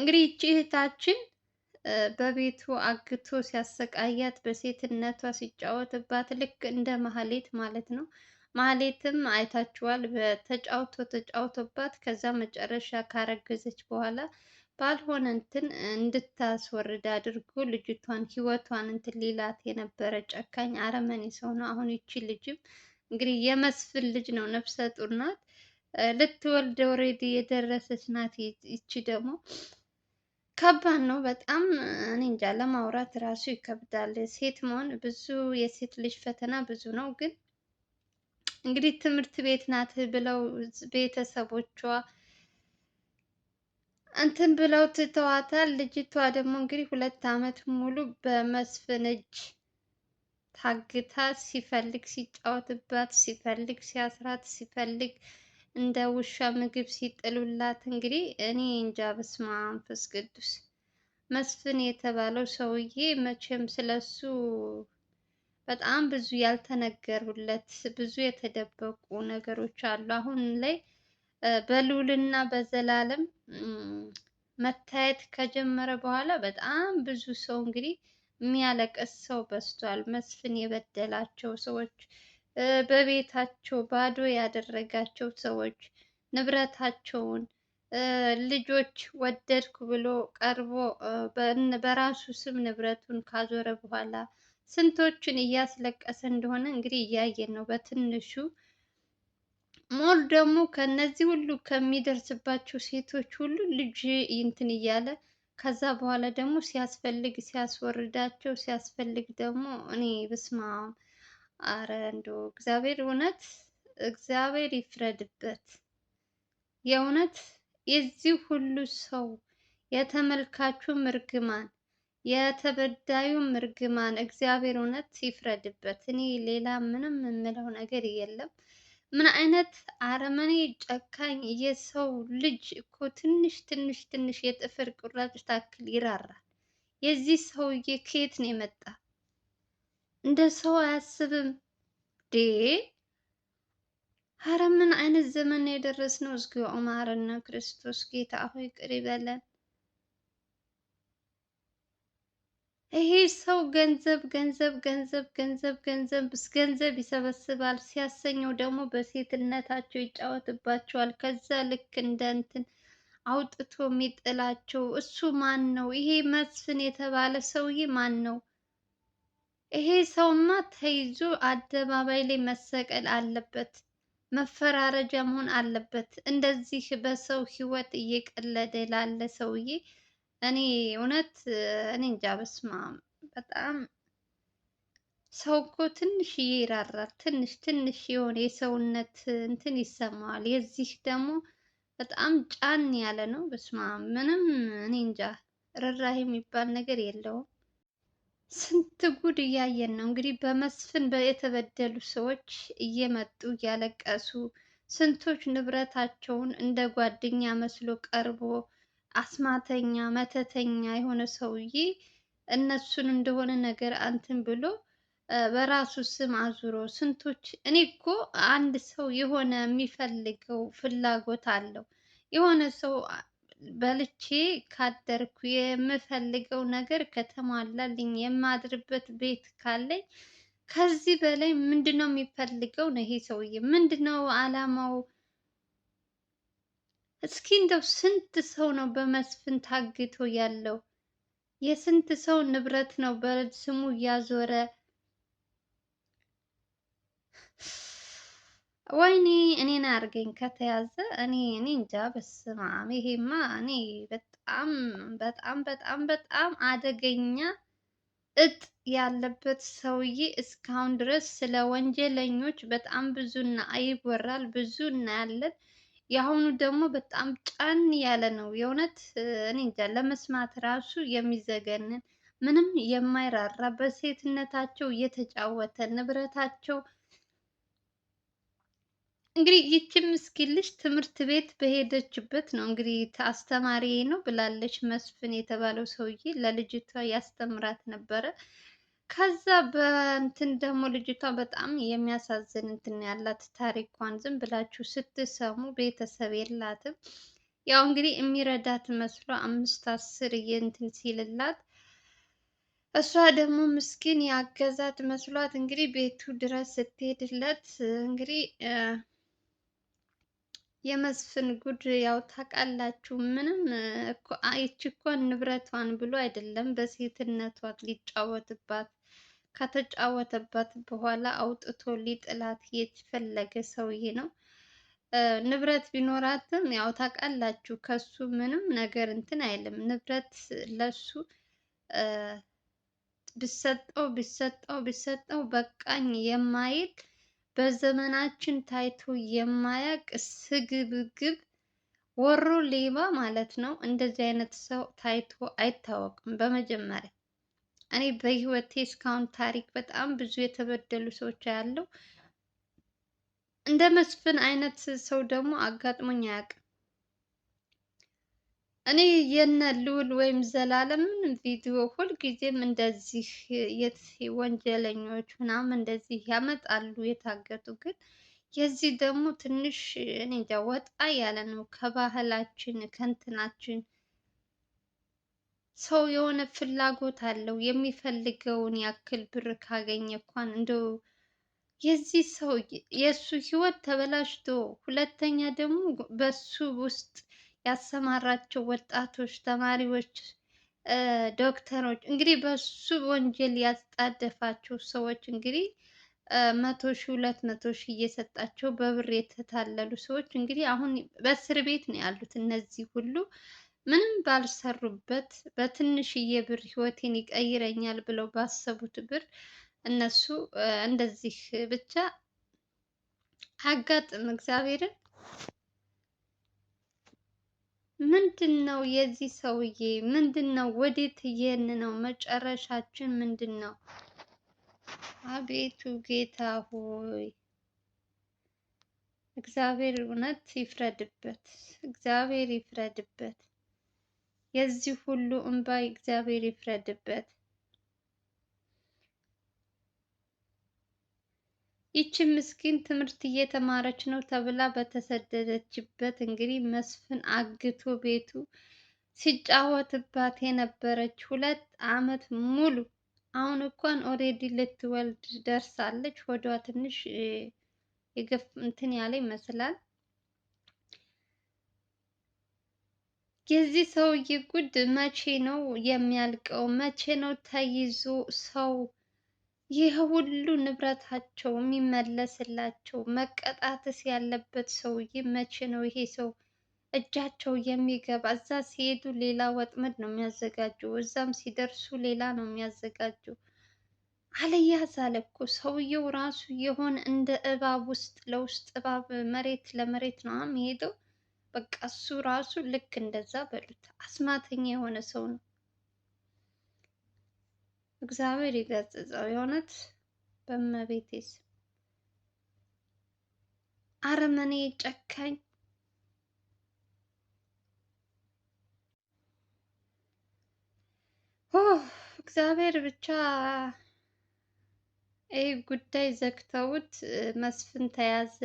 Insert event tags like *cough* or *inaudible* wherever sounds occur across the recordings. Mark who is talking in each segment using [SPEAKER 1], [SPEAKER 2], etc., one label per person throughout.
[SPEAKER 1] እንግዲህ ይቺ እህታችን በቤቱ አግቶ ሲያሰቃያት በሴትነቷ ሲጫወትባት ልክ እንደ ማህሌት ማለት ነው። ማህሌትም አይታችኋል። በተጫውቶ ተጫውቶባት ከዛ መጨረሻ ካረገዘች በኋላ ባልሆነ እንትን እንድታስወርድ አድርጎ ልጅቷን ህይወቷን እንትን ሊላት የነበረ ጨካኝ አረመኔ ሰው ነው። አሁን ይቺ ልጅም እንግዲህ የመስፍን ልጅ ነው፣ ነፍሰ ጡር ናት፣ ልትወልድ ኦልሬዲ የደረሰች ናት። ይቺ ደግሞ ከባድ ነው በጣም እኔ እንጃ ለማውራት ራሱ ይከብዳል። ሴት መሆን ብዙ የሴት ልጅ ፈተና ብዙ ነው። ግን እንግዲህ ትምህርት ቤት ናት ብለው ቤተሰቦቿ እንትን ብለው ትተዋታል። ልጅቷ ደግሞ እንግዲህ ሁለት ዓመት ሙሉ በመስፍን እጅ ታግታ ሲፈልግ ሲጫወትባት፣ ሲፈልግ ሲያስራት፣ ሲፈልግ እንደ ውሻ ምግብ ሲጥሉላት እንግዲህ እኔ እንጃ። በስመ አብ መንፈስ ቅዱስ። መስፍን የተባለው ሰውዬ መቼም ስለሱ በጣም ብዙ ያልተነገሩለት ብዙ የተደበቁ ነገሮች አሉ። አሁን ላይ በልዑልና በዘላለም መታየት ከጀመረ በኋላ በጣም ብዙ ሰው እንግዲህ የሚያለቅስ ሰው በዝቷል። መስፍን የበደላቸው ሰዎች በቤታቸው ባዶ ያደረጋቸው ሰዎች ንብረታቸውን ልጆች ወደድኩ ብሎ ቀርቦ በራሱ ስም ንብረቱን ካዞረ በኋላ ስንቶችን እያስለቀሰ እንደሆነ እንግዲህ እያየን ነው በትንሹ። ሞር ደግሞ ከነዚህ ሁሉ ከሚደርስባቸው ሴቶች ሁሉ ልጅ እንትን እያለ ከዛ በኋላ ደግሞ ሲያስፈልግ ሲያስወርዳቸው ሲያስፈልግ ደግሞ እኔ ብስማም አረ እንደው እግዚአብሔር እውነት እግዚአብሔር ይፍረድበት። የእውነት የዚህ ሁሉ ሰው የተመልካቹም እርግማን የተበዳዩም እርግማን እግዚአብሔር እውነት ይፍረድበት። እኔ ሌላ ምንም የምለው ነገር የለም። ምን አይነት አረመኔ ጨካኝ! የሰው ልጅ እኮ ትንሽ ትንሽ ትንሽ የጥፍር ቁራጭ ታክል ይራራል። የዚህ ሰውዬ ከየት ነው የመጣ? እንደ ሰው አያስብም ዴ አረ ምን አይነት ዘመን የደረስነው! እግዚኦ መሐረነ ክርስቶስ ጌታ ሆይ ይቅር ይበለን። ይሄ ሰው ገንዘብ ገንዘብ ገንዘብ ገንዘብ ገንዘብ ገንዘብ ይሰበስባል። ሲያሰኘው ደግሞ በሴትነታቸው ይጫወትባቸዋል። ከዛ ልክ እንደ እንትን አውጥቶ የሚጥላቸው እሱ ማን ነው? ይሄ መስፍን የተባለ ሰውዬ ማን ነው? ይሄ ሰውማ ተይዞ አደባባይ ላይ መሰቀል አለበት። መፈራረጃ መሆን አለበት። እንደዚህ በሰው ህይወት እየቀለደ ላለ ሰውዬ እኔ እውነት እኔ እንጃ። በስመ አብ በጣም ሰው እኮ ትንሽዬ ይራራል። ትንሽ ትንሽ የሆነ የሰውነት እንትን ይሰማዋል። የዚህ ደግሞ በጣም ጫን ያለ ነው። በስመ አብ ምንም እኔ እንጃ ርህራሄ የሚባል ነገር የለውም። ስንት ጉድ እያየን ነው እንግዲህ በመስፍን የተበደሉ ሰዎች እየመጡ እያለቀሱ ስንቶች ንብረታቸውን እንደ ጓደኛ መስሎ ቀርቦ አስማተኛ መተተኛ የሆነ ሰውዬ እነሱን እንደሆነ ነገር አንትን ብሎ በራሱ ስም አዙሮ ስንቶች። እኔ እኮ አንድ ሰው የሆነ የሚፈልገው ፍላጎት አለው የሆነ ሰው በልቼ ካደርኩ የምፈልገው ነገር ከተሟላልኝ የማድርበት ቤት ካለኝ ከዚህ በላይ ነው የሚፈልገው ነው? ይሄ ሰውዬ ነው አላማው? እስኪ እንደው ስንት ሰው ነው በመስፍን ታግቶ ያለው? የስንት ሰው ንብረት ነው በስሙ እያዞረ ወይኔ እኔን አድርገኝ ከተያዘ እኔ እኔ እንጃ። በስመ አብ ይሄማ እኔ በጣም በጣም በጣም በጣም አደገኛ እጥ ያለበት ሰውዬ እስካሁን ድረስ ስለ ወንጀለኞች በጣም ብዙ ብዙና ይወራል፣ ብዙ እናያለን። የአሁኑ ደግሞ በጣም ጫን ያለ ነው። የእውነት እኔ እንጃ ለመስማት ራሱ የሚዘገንን ምንም የማይራራ በሴትነታቸው እየተጫወተ ንብረታቸው እንግዲህ ይቺ ምስኪን ልጅ ትምህርት ቤት በሄደችበት ነው እንግዲህ አስተማሪ ነው ብላለች። መስፍን የተባለው ሰውዬ ለልጅቷ ያስተምራት ነበረ። ከዛ በእንትን ደግሞ ልጅቷ በጣም የሚያሳዝን እንትን ያላት ታሪኳን ዝም ብላችሁ ስትሰሙ ቤተሰብ የላትም። ያው እንግዲህ የሚረዳት መስሎ አምስት አስር እንትን ሲልላት እሷ ደግሞ ምስኪን ያገዛት መስሏት እንግዲህ ቤቱ ድረስ ስትሄድለት እንግዲህ የመስፍን ጉድ ያው ታውቃላችሁ። ምንም ይች እኮ ንብረቷን ብሎ አይደለም በሴትነቷ ሊጫወትባት ከተጫወተባት በኋላ አውጥቶ ሊጥላት የፈለገ ሰውዬ ነው። ንብረት ቢኖራትም ያው ታውቃላችሁ ከሱ ምንም ነገር እንትን አይልም። ንብረት ለሱ ቢሰጠው ብሰጠው ብሰጠው በቃኝ የማይል በዘመናችን ታይቶ የማያቅ ስግብግብ ወሮ ሌባ ማለት ነው። እንደዚህ አይነት ሰው ታይቶ አይታወቅም። በመጀመሪያ እኔ በህይወቴ እስካሁን ታሪክ በጣም ብዙ የተበደሉ ሰዎች ያለው እንደ መስፍን አይነት ሰው ደግሞ አጋጥሞኝ አያውቅም። እኔ የነ ልዑል ወይም ዘላለምን ቪዲዮ ሁልጊዜም እንደዚህ ወንጀለኞች ምናምን እንደዚህ ያመጣሉ የታገቱ ግን የዚህ ደግሞ ትንሽ እኔ እንጃ ወጣ ያለ ነው ከባህላችን ከንትናችን ሰው የሆነ ፍላጎት አለው የሚፈልገውን ያክል ብር ካገኘ እንኳን እንደው የዚህ ሰው የእሱ ህይወት ተበላሽቶ ሁለተኛ ደግሞ በሱ ውስጥ ያሰማራቸው ወጣቶች፣ ተማሪዎች፣ ዶክተሮች እንግዲህ በሱ ወንጀል ያጣደፋቸው ሰዎች እንግዲህ መቶ ሺ ሁለት መቶ ሺ እየሰጣቸው በብር የተታለሉ ሰዎች እንግዲህ አሁን በእስር ቤት ነው ያሉት። እነዚህ ሁሉ ምንም ባልሰሩበት በትንሽዬ ብር ህይወቴን ይቀይረኛል ብለው ባሰቡት ብር እነሱ እንደዚህ ብቻ አጋጥም እግዚአብሔርን ምንድን ነው የዚህ ሰውዬ ምንድን ነው? ወዴት እየን ነው? መጨረሻችን ምንድን ነው? አቤቱ ጌታ ሆይ እግዚአብሔር እውነት ይፍረድበት፣ እግዚአብሔር ይፍረድበት። የዚህ ሁሉ እንባ እግዚአብሔር ይፍረድበት። ይቺ ምስኪን ትምህርት እየተማረች ነው ተብላ በተሰደደችበት እንግዲህ መስፍን አግቶ ቤቱ ሲጫወትባት የነበረች ሁለት አመት ሙሉ አሁን እንኳን ኦሬዲ ልትወልድ ደርሳለች። ሆዷ ትንሽ የገፍ እንትን ያለ ይመስላል። የዚህ ሰውዬ ጉድ መቼ ነው የሚያልቀው? መቼ ነው ተይዞ ሰው ይህ ሁሉ ንብረታቸው የሚመለስላቸው መቀጣትስ ያለበት ሰውዬ መቼ ነው? ይሄ ሰው እጃቸው የሚገባ እዛ ሲሄዱ ሌላ ወጥመድ ነው የሚያዘጋጁ፣ እዛም ሲደርሱ ሌላ ነው የሚያዘጋጁ። አልያዝ አለ እኮ ሰውየው ራሱ የሆነ እንደ እባብ ውስጥ ለውስጥ እባብ መሬት ለመሬት ነው የሚሄደው። በቃ እሱ ራሱ ልክ እንደዛ በሉት አስማተኛ የሆነ ሰው ነው። እግዚአብሔር ይገስጸው። የእውነት በመቤቴስ አረመኔ ጨካኝ እግዚአብሔር ብቻ ይህ ጉዳይ ዘግተውት መስፍን ተያዘ፣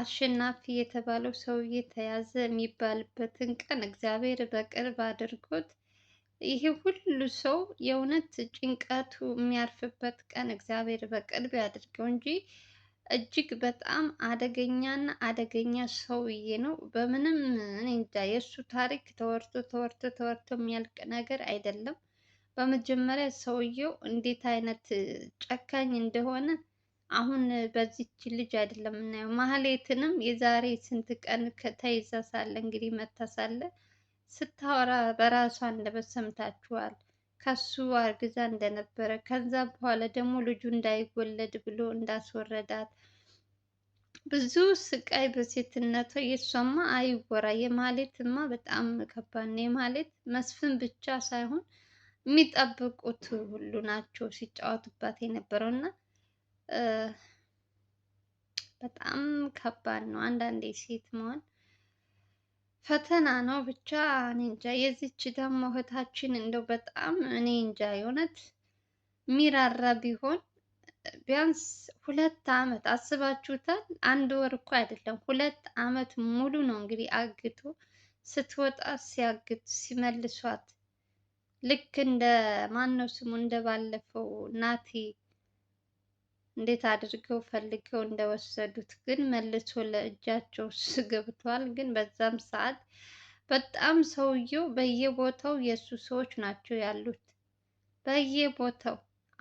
[SPEAKER 1] አሸናፊ የተባለው ሰውዬ ተያዘ የሚባልበትን ቀን እግዚአብሔር በቅርብ አድርጎት ይሄ ሁሉ ሰው የእውነት ጭንቀቱ የሚያርፍበት ቀን እግዚአብሔር በቅርብ ያድርገው እንጂ እጅግ በጣም አደገኛና አደገኛ ሰውዬ ነው። በምንም እኔ እንጃ የእሱ ታሪክ ተወርቶ ተወርቶ ተወርቶ የሚያልቅ ነገር አይደለም። በመጀመሪያ ሰውየው እንዴት አይነት ጨካኝ እንደሆነ አሁን በዚች ልጅ አይደለም የምናየው። ማህሌትንም የዛሬ ስንት ቀን ከተይዛ ሳለ እንግዲህ መታ ሳለ ስታወራ በራሷ አንደበት ሰምታችኋል። ከሱ አርግዛ እንደነበረ ከዛ በኋላ ደግሞ ልጁ እንዳይወለድ ብሎ እንዳስወረዳት ብዙ ስቃይ በሴትነቷ። የእሷማ አይወራ። የማህሌትማ በጣም ከባድ ነው። የማህሌት መስፍን ብቻ ሳይሆን የሚጠብቁት ሁሉ ናቸው ሲጫወቱባት የነበረው እና በጣም ከባድ ነው አንዳንዴ ሴት መሆን። ፈተና ነው ብቻ እኔ እንጃ። የዚች ደግሞ እህታችን እንደው በጣም እኔ እንጃ የእውነት ሚራራ ቢሆን ቢያንስ ሁለት አመት አስባችሁታል። አንድ ወር እኮ አይደለም ሁለት አመት ሙሉ ነው እንግዲህ አግቶ ስትወጣ ሲያግቱ ሲመልሷት ልክ እንደ ማነው ስሙ እንደ ባለፈው ናቲ እንዴት አድርገው ፈልገው እንደወሰዱት ግን መልሶ ለእጃቸው *laughs* ገብቷል። ግን በዛም ሰዓት በጣም ሰውየው በየቦታው የእሱ ሰዎች ናቸው ያሉት በየቦታው።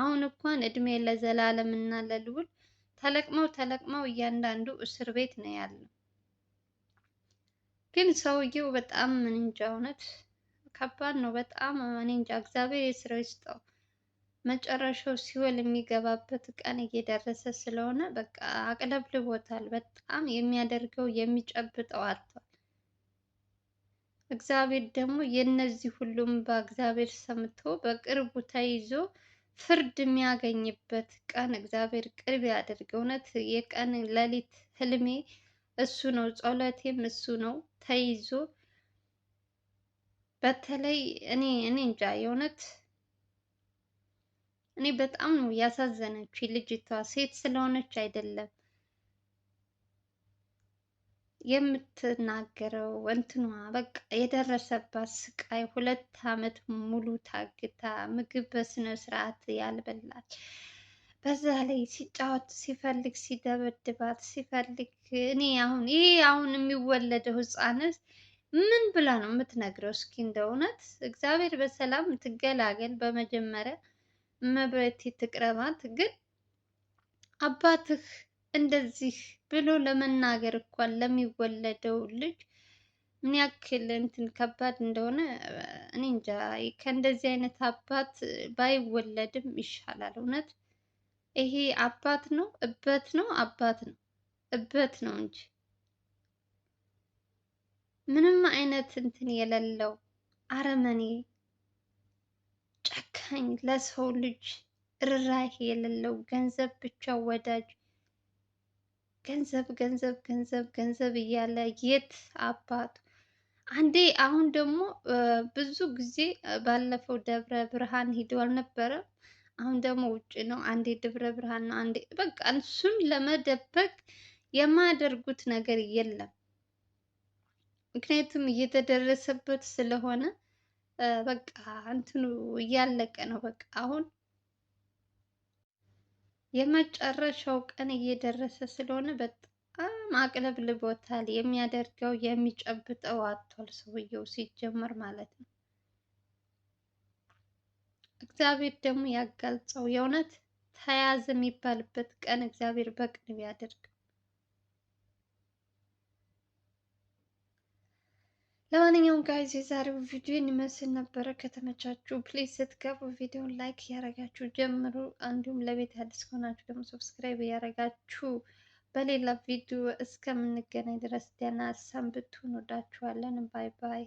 [SPEAKER 1] አሁን እንኳን እድሜ ለዘላለም እና ለልውል ተለቅመው ተለቅመው እያንዳንዱ እስር ቤት ነው ያለው። ግን ሰውየው በጣም እኔ እንጃ እውነት ከባድ ነው። በጣም እኔ እንጃ እግዚአብሔር የስራ ይስጠው። መጨረሻው ሲወል የሚገባበት ቀን እየደረሰ ስለሆነ በቃ አቅለብልቦታል። በጣም የሚያደርገው የሚጨብጠው አጥቷል። እግዚአብሔር ደግሞ የነዚህ ሁሉም በእግዚአብሔር ሰምቶ በቅርቡ ተይዞ ፍርድ የሚያገኝበት ቀን እግዚአብሔር ቅርብ ያደርግ። እውነት የቀን ሌሊት ህልሜ እሱ ነው፣ ጸሎቴም እሱ ነው። ተይዞ በተለይ እኔ እኔ እንጃ የእውነት እኔ በጣም ነው ያሳዘነችኝ። ልጅቷ ሴት ስለሆነች አይደለም የምትናገረው እንትኗ በቃ የደረሰባት ስቃይ ሁለት ዓመት ሙሉ ታግታ ምግብ በስነ ስርዓት ያልበላች፣ በዛ ላይ ሲጫወት ሲፈልግ ሲደበድባት ሲፈልግ እኔ አሁን ይሄ አሁን የሚወለደው ሕፃንስ ምን ብላ ነው የምትነግረው? እስኪ እንደ እውነት እግዚአብሔር በሰላም ትገላገል በመጀመሪያ እመቤቴ ትቅረባት። ግን አባትህ እንደዚህ ብሎ ለመናገር እንኳን ለሚወለደው ልጅ ምን ያክል እንትን ከባድ እንደሆነ እኔ እንጃ። ከእንደዚህ አይነት አባት ባይወለድም ይሻላል። እውነት ይሄ አባት ነው፣ እበት ነው፣ አባት ነው፣ እበት ነው እንጂ ምንም አይነት እንትን የሌለው አረመኔ ጨካኝ፣ ለሰው ልጅ ርህራሄ የሌለው ገንዘብ ብቻ ወዳጅ፣ ገንዘብ ገንዘብ ገንዘብ ገንዘብ እያለ የት አባቱ አንዴ አሁን ደግሞ ብዙ ጊዜ ባለፈው ደብረ ብርሃን ሂዶ አልነበረም? አሁን ደግሞ ውጭ ነው። አንዴ ደብረ ብርሃን ነው። አንዴ በቃ እሱን ለመደበቅ የማያደርጉት ነገር የለም። ምክንያቱም እየተደረሰበት ስለሆነ በቃ እንትኑ እያለቀ ነው። በቃ አሁን የመጨረሻው ቀን እየደረሰ ስለሆነ በጣም አቅለብልቦታል። የሚያደርገው የሚጨብጠው አጥቷል ሰውየው ሲጀመር ማለት ነው። እግዚአብሔር ደግሞ ያጋልጸው። የእውነት ተያዘ የሚባልበት ቀን እግዚአብሔር በቅርብ ያደርገው።
[SPEAKER 2] ለማንኛውም ጋይዝ የዛሬው ቪዲዮ ይመስል ነበረ። ከተመቻችሁ ፕሊዝ ስትገቡ ቪዲዮን ላይክ እያረጋችሁ ጀምሩ። እንዲሁም ለቤት አዲስ ከሆናችሁ ደግሞ ሰብስክራይብ እያረጋችሁ በሌላ ቪዲዮ እስከምንገናኝ ድረስ ደህና ሰንብቱ። እንወዳችኋለን። ባይ ባይ።